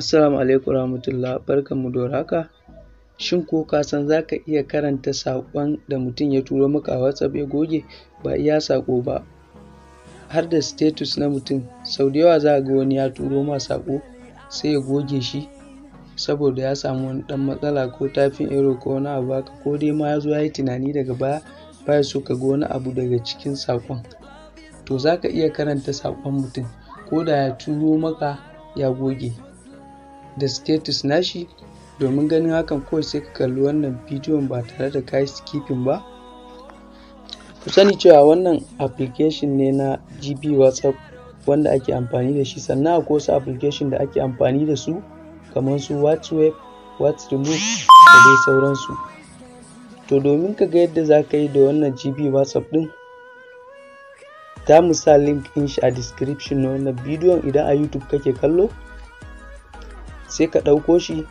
Assalamu alaikum rahmatullah mu da warhaka. Shin ko ka san za ka iya karanta saƙon da mutum ya turo maka a WhatsApp ya goge ba iya saƙo ba har da status na mutum sau da yawa za ga wani ya turo ma saƙo sai ya goge shi saboda ya samu wani ɗan matsala ko tafin ero ko wani abu haka ko dai ma ya zo ya yi tunani daga baya baya so ka ga wani abu daga cikin saƙon to za ka iya karanta saƙon mutum ko da ya turo maka ya goge. da status nashi domin ganin hakan kawai sai ka kalli wannan bidiyon ba tare da kayi skipping ba ku sani cewa wannan application ne na gb whatsapp wanda ake amfani da shi sannan akwai wasu application da ake amfani da su kamar su whatsapp whatsapp da dai sauransu to domin ka ga yadda za ka yi da wannan gb whatsapp din ta mu link in shi a description na wannan bidiyon idan a youtube kake kallo sai ka ɗauko shi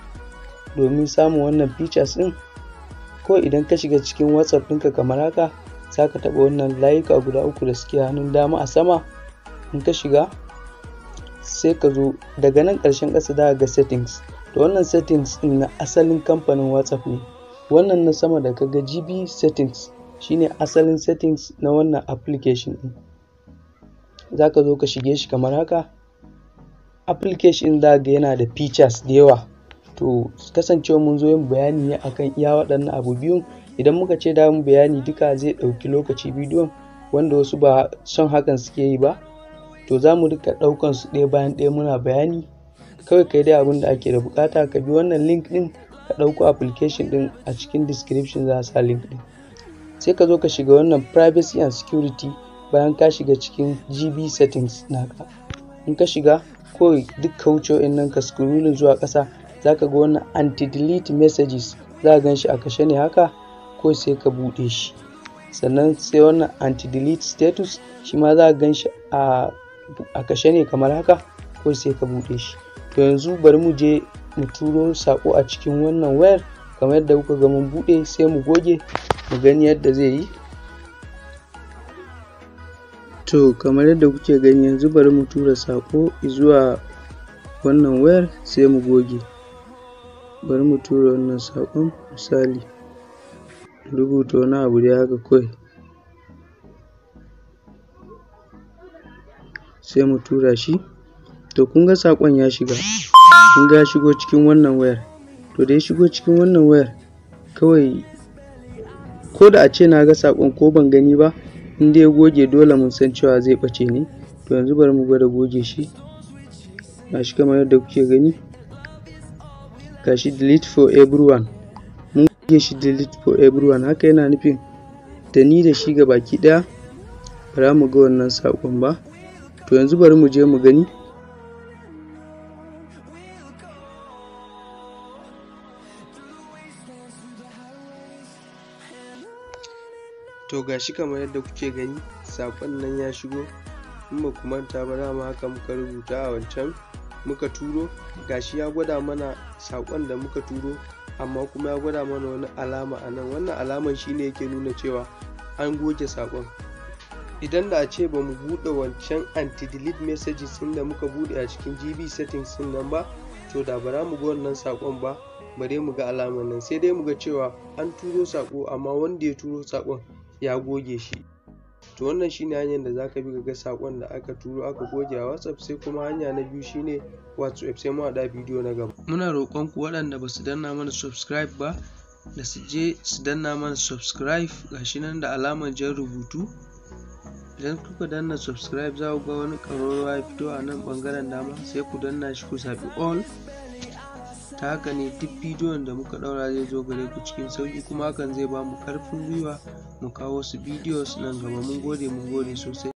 domin samun wannan features ɗin ko idan ka shiga cikin whatsapp ɗinka kamar haka za ka taɓa wannan layuka guda uku da suke hannun dama a sama in ka shiga sai ka zo daga nan ƙarshen ƙasa za ga settings to wannan settings ɗin na asalin kamfanin whatsapp ne wannan na sama da ga gb settings shine asalin settings na wannan application ɗin za ka zo ka shige shi kamar haka application za ga yana da features da yawa to kasancewa mun zo yin bayani ne akan iya waɗannan abu biyun idan muka ce da mu bayani duka zai ɗauki lokaci bidiyon wanda wasu ba son hakan suke yi ba to za mu duka ɗaukan su ɗaya bayan ɗaya muna bayani kawai kai dai abin da ake da bukata ka bi wannan link ɗin ka ɗauko application ɗin a cikin description za a sa link ɗin sai ka zo ka shiga wannan privacy and security bayan ka shiga cikin gb settings naka in ka shiga kawai duk ka wuce wa'annan ka scrolling zuwa ƙasa za ka ga wannan anti-delete messages za ka gan shi a kashe ne haka ko sai ka buɗe shi sannan sai wannan anti-delete status shi ma za ka gan shi a kashe ne kamar haka ko sai ka buɗe shi to yanzu bari mu je mu turo saƙo a cikin wannan wayar kamar yadda kuka ga mun buɗe sai mu goge mu gani yadda zai yi to kamar yadda kuke gani yanzu bari mu tura saƙo zuwa wannan wayar sai mu goge bari mu tura wannan saƙon misali rubuta wani abu dai haka kawai sai mu tura shi to kun ga saƙon ya shiga kun ga ya shigo cikin wannan wayar to da ya shigo cikin wannan wayar kawai ko da a ce na ga saƙon ko ban gani ba in dai goge dole mun san cewa zai bace ne to yanzu bari mu gwada goge shi gashi kamar yadda kuke gani gashi delete for everyone mun goge shi delete for everyone haka yana nufin da ni da shi gabaki ɗaya ba za mu ga wannan sakon ba to yanzu bari mu je mu gani to ga shi kamar yadda kuke gani saƙon nan ya shigo in ba ku manta ba mu haka muka rubuta a wancan muka turo ga shi ya gwada mana saƙon da muka turo amma kuma ya gwada mana wani alama a nan wannan alaman shi ne yake nuna cewa an goge saƙon idan da a ce ba mu buɗe wancan anti-delete messages ɗin da muka buɗe a cikin gb settings ɗin nan ba to da ba mu ga wannan saƙon ba bare mu ga alamar nan sai dai mu ga cewa an turo saƙo amma wanda ya turo saƙon ya goge shi to wannan shine hanyar da zaka bi ga sakon da aka turo aka goge a WhatsApp sai kuma hanya na biyu shine WhatsApp sai mu haɗa bidiyo na gaba muna roƙon ku waɗanda ba su danna mana subscribe ba da su je su danna mana subscribe gashi nan da alamar jan rubutu idan kuka danna subscribe za ku ga wani ƙararrawa ya fito a nan ɓangaren dama sai ku danna shi ku zaɓi all ta haka ne duk bidiyon da muka ɗaura zai zo gare ku cikin sauki kuma hakan zai ba mu karfin gwiwa mu kawo wasu bidiyos nan gaba mun gode mun gode sosai